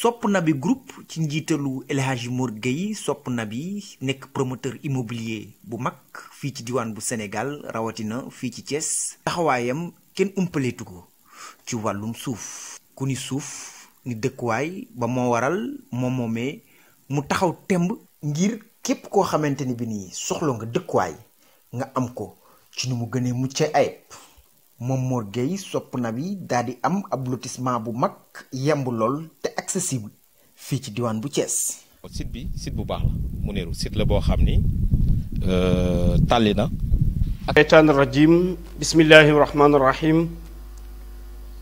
sopp na bi group ci njiitalu El Hadji Mor Gueye sopp na bi nekk promoteur immobilier bu mag fii ci diwaan bu senegal rawatina fii ci Thiès taxawaayam kenn umpaleetu ko ci wàllum suuf ku ni suuf ni dëkkuwaay ba moo waral moom moomee mu taxaw temb ngir képp koo xamante ni bi nii soxla nga dëkkuwaay nga am ko ci nu mu gënee mucc ayib moom gay Gueye sopp na wi daal am ab lotissement bu mag yemb lool te accessible fii ci diwaan bu Thiès. site bi site bu baax la mu site la boo xam ni tàlli na. rajim bismillahir rahmanir rahim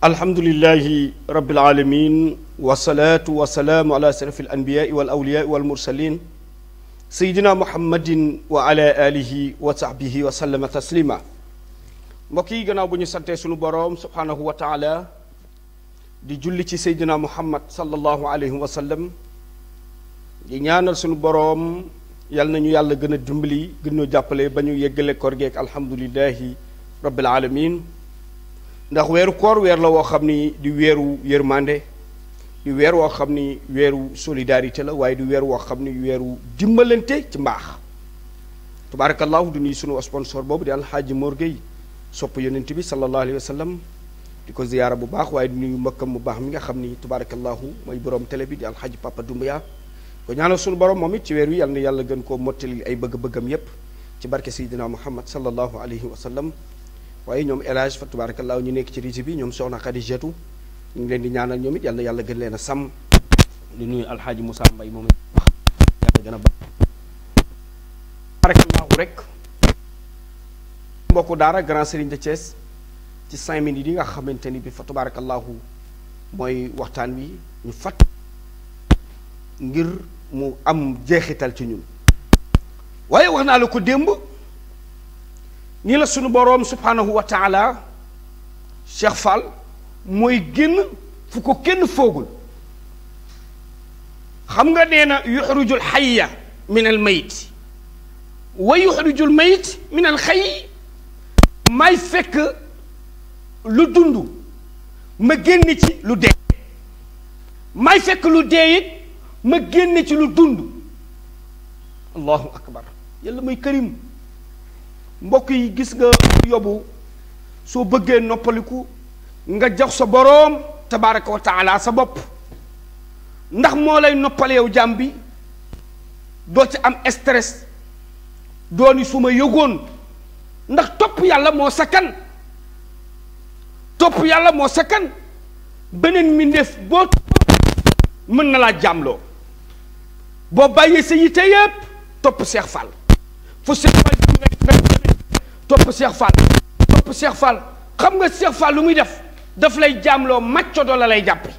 alhamdulillahi rabbil alamin wasalaatu wasalaamu ala ashrafil anbiyaai wal awliyaai wal mursalin sayidina muhammadin wa ala alihi wa sahbihi wa sallama taslima mbokk yi gannaaw bu ñu santee sunu boroom subhaanahu wa taala di julli ci seydina muhammad sallallahu alayhi wa sallam di ñaanal sunu boroom yal nañu yàlla gën a dimbali gën ñoo jàppale ba ñu yeggale koor geeg alhamdulillahi rabbil alamin ndax weeru koor weer la woo xam ni di weeru yërmande di weer woo xam ni weeru solidarité la waaye di weer woo xam ni weeru dimbalante ci mbaax tabarakallahu du nuyu sunu sponsor boobu di alxaaji Mor Gueye sopp yonent bi sallallahu Alaihi Wasallam, diko di bu baax waaye nuyu mbokkam mu baax mi nga xamni tabarakallah moy borom tele bi di hajj papa dumbiya ko ñaanal sunu borom moom ci weer wi yalla na gën ko motali ay bëgg-bëggam yépp ci barke sayyidina Muhammad sallallahu Alaihi Wasallam, sallam ñom elage fa tabarakallah ñu nekk ci régie bi ñom soxna khadijatu ñu leen di ñaanal ñomit yalla yalla na gën leena sam di nuyu al hajj musa mbay yalla gëna rek mbokku daara grand Serigne de Thiès ci cinq minutes yi nga xamante ni bi fa tabarakallahu mooy waxtaan wi ñu fat ngir mu am jeexital ci ñun waaye wax naa la ko démb nii la sunu boroom subhanahu wa taala Cheikh Fall mooy génn fu ko kenn foogul xam nga nee na yuxriju alxaya min almayit wa yuxriju almayit min alxay may fekk lu dund ma génn ci lu dee may fekk lu dee it ma génn ci lu dund allahu akbar yàlla muy karim mbokk yi gis nga yobu soo bëggee noppaliku nga jox sa boroom tabaraka wa sa bopp ndax moo lay noppal yow jàmm bi doo ci am stress dooni su ma yëgoon ndax topp yàlla moo sakkan topp yàlla moo sakkan beneen mbindeef boo mën na laa jaamloo boo bàyyee sa yitte yépp topp Cheikh Fall fu Cheikh Fall topp Cheikh Fall topp Cheikh xam nga Cheikh Fall lu muy def daf lay jaamloo maccodo la lay jàppe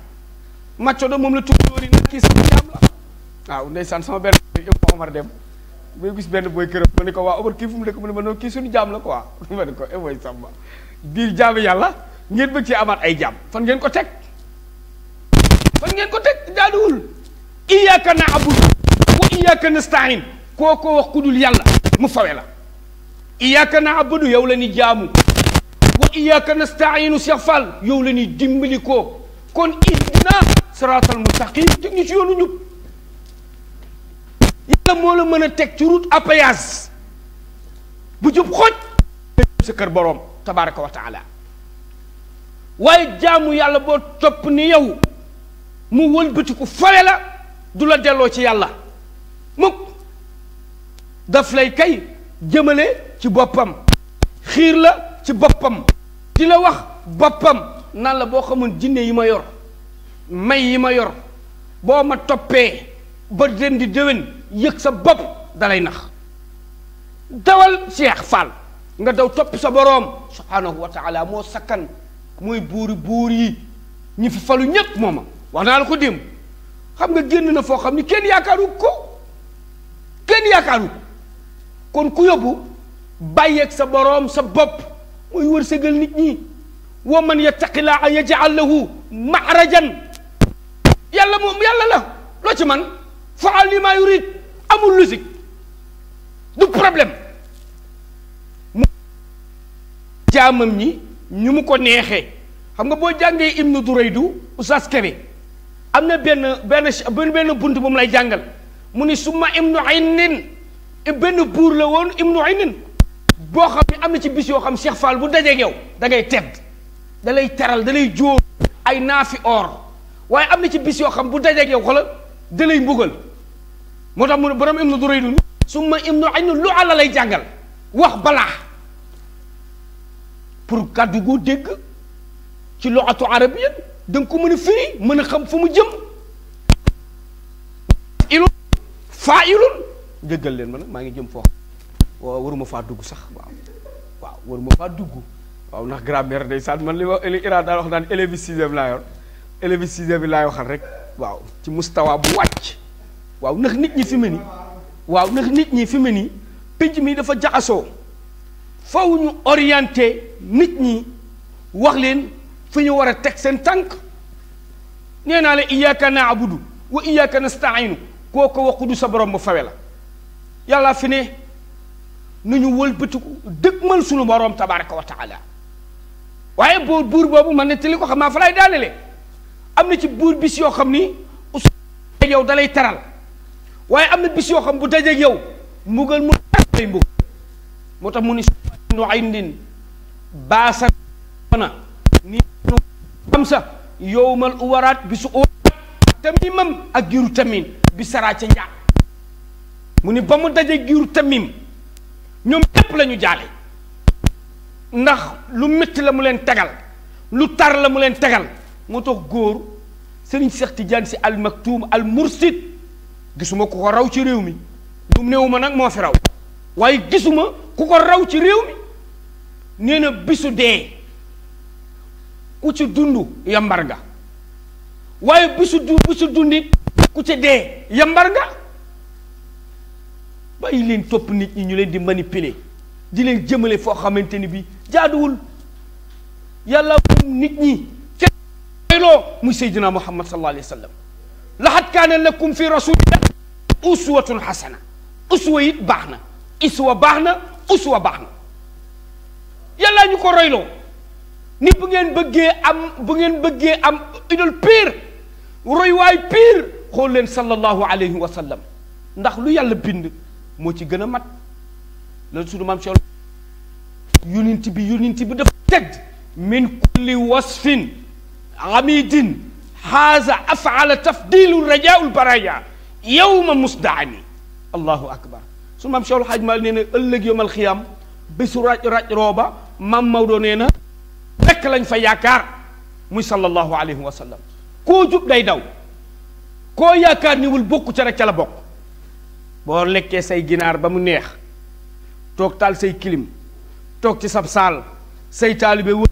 maccodo moom la tuddóori na kii sama jaam la waaw ndeysaan sama benn Omar dem may gis benn boy këram ma ne ko waa Omar kii fu mu dëkk mu ne ma non kii suñu jaam la quoi ma ne ko eh way samba biir jaami yàlla ya ngeen bëgg ci amaat ay jaam fan ngeen ko teg fan ngeen ko teg jaaduwul iyyaka na'budu wa iyyaka nasta'in koo ko wax ku dul yàlla mu fawe la iyyaka na'budu yow la ni jaamu wa iyyaka nasta'inu Cheikh Fall yow ya la ni dimbali ko kon idna siraatal mustaqim teg ñu ci yoonu ñub yàlla moo la mën a teg ci route bu jub xooj sa kër boroom tabaaraka wa taala waaye jaamu yàlla boo topp ni yow mu wëlbatiku fale la du la delloo ci yàlla mukk daf lay kay jëmale ci boppam xiir la ci boppam di la wax boppam nan la boo xamoon jinne yi ma yor may yi ma yor boo ma toppee ba den di déwén yek sa bop dalay nax dawal cheikh fall nga daw top sa borom subhanahu wa taala mo sakan moy buri buri ñi fi falu ñépp moma wax la ko dim xam nga genn na fo xamni ni kenn yaakaaru ko kenn yakaru kon ku baye ak sa borom sa bop moy wërsegal nit ñi wa man yattaqila laa yaj'al lahu ma'rajan yalla yalla la lo ci man faal li yurid amul logique du problème mu jaamam ñi ñu mu ko neexee xam nga boo jàngee Ibnu Duraydu du Kébé am na benn benn benn bunt moom lay jàngal mu ni summa ibnu aynin e benn buur la woon ibnu aynin boo xam ne am na ci bis yoo xam Cheikh Fall bu dajeeg yow dangay ngay tedd da teral dalay lay ay naafi or waaye am na ci bis yoo xam bu dajeeg yow xoolal da lay mbugal moo tax mu ne borom ibnu duraydun summa ibnu aynu lu ala lay jàngal wax balaa pour kàddu goo dégg ci loo atu da nga ko mën a firi mën a xam fu mu jëm ilul faa ilul déggal leen ma nag maa ngi jëm foo waaw waruma faa dugg sax waaw waaw waruma faa dugg waaw ndax grammaire day saat man li wax li Iran daal wax naan élève bi laay waxal rek waaw ci mustawa bu wàcc waaw ndax nit ñi fi mu waaw ndax nit ñi fi mu ni pénc dafa jaxasoo faw ñu orienté nit ñi wax leen fi ñu war a teg seen tànk nee naa la iyyaka na'budu wa iyyaka nasta'inu koo ko waxu sa borom ba fawe yàlla fi nu ñu wëlbatiku dëgmal sunu borom tabaraka wa taala waaye buur boobu man ne te ko xam maa fa laay daanele am na ci buur bis yoo xam ni yow dalay teral waaye am na bis yoo xam bu dajeeg yow mbugal mu ay mbug moo tax mu ni nu indin am sa yowmal uwaraat bi su uwaraat tamimam ak giiru tamim bi saraa ca njaa mu ni ba mu dajeeg giiru tamim ñoom ñépp lañu ñu jaale ndax lu metti la mu leen tegal lu tar la mu leen tegal moo tax góor sëriñ Seex Tijaan si al maktuum al gisuma kuko raw ci rew mi dum néewuma nak mo fi raw waye gisuma kuko raw ci rew mi neena bisu de ku ci dundu yambar nga bisu du bisu dundi ku ci de yambar nga leen top nit ñi ñu leen di manipuler di leen jëmele fo xamanteni bi jaaduwul yàlla nit ñi lo muy sayyidina muhammad sallallahu Alaihi Wasallam, sallam kana kaana lakum fi rasulillah uswatun xasana uswa it baax na iswa baax na uswa baax na yàllaa ñu ko royloo ni bu ngeen bëggee am bu ngeen bëggee am idol pire roywaay pire xool leen sallallahu alayhi wa sallam ndax lu yàlla bind moo ci gën a mat loolu sunu maam Cheikh yonent bi yonent bi dafa tedd min kulli wasfin amidin haaza afala tafdilu rajaul baraya يوم مصدعني الله اكبر ثم مشى الحاج مال نينا الله يوم الخيام بس راج روبا ما مودو نينا رك لا نفا ياكار مي صلى الله عليه وسلم كو جوب داي داو كو ياكار ني ول بوكو تي رك بوك بو لكي سي جينار بامو نيه توك تال سي كليم توك تي ساب سال سي طالب و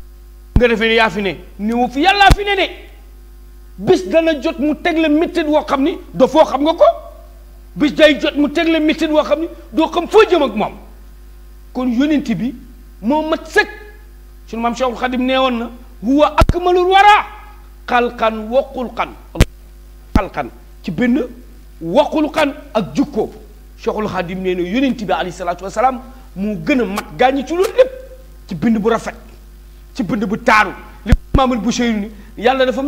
nga defé ya fi né ni wu fi yalla fi bis dana jot mu teg la métit woo xam ni doo foo xam nga ko bis day jot mu teg la métit woo xam ni doo xam foo jëm ak moom kon yónent bi moo mat sëkk sunu maam Cheikhul Xadim nee woon na huwa akmalul wara xalqan wa xulqan xalqan ci benn wa xulqan ak jukko Cheikhul Xadim nee na yónent bi alayhi salaatu wasalaam moo gën a mat gaañi ci loolu lépp ci bind bu rafet ci bind bu taaru li maamul Buseyri ni yàlla dafa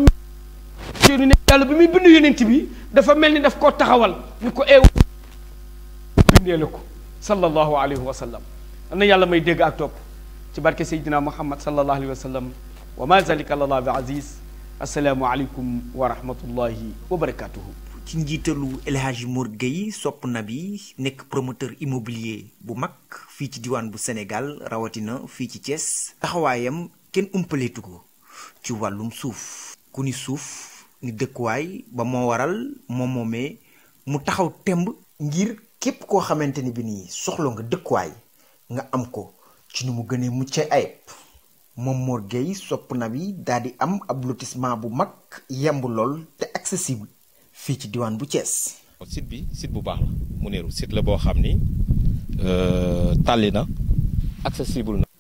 te ñu ne yàlla bi muy bind yonent bi dafa mel ni daf koo taxawal ni ko eew bindee la ko sallallahu alayhi wa sallam am na yàlla may dégg ak topp ci barke Seydina Muhammad sallallahu alayhi wa sallam wa ma zalika lallah bi aziz asalaamu aleykum wa rahmatullahi wa barakatuhu ci njiitalu El Hadji Mor Gueye Sopp Nabi nekk promoteur immobilier bu mag fii ci diwaan bu Sénégal rawatina fii ci Thiès taxawaayam kenn umpaleetu ko ci wàllum suuf ku ni suuf ni dëkkuwaay ba mo waral moom momé mu taxaw temb ngir kep ko xamanteni bi ni soxlo nga dëkkuwaay nga am ko ci nu mu gënee muccee na am ab lotissement bu mak yamb lol te accessible fi ci diwan bu ties site bi site bu baax la mu neeru site la bo xamni euh accessible na.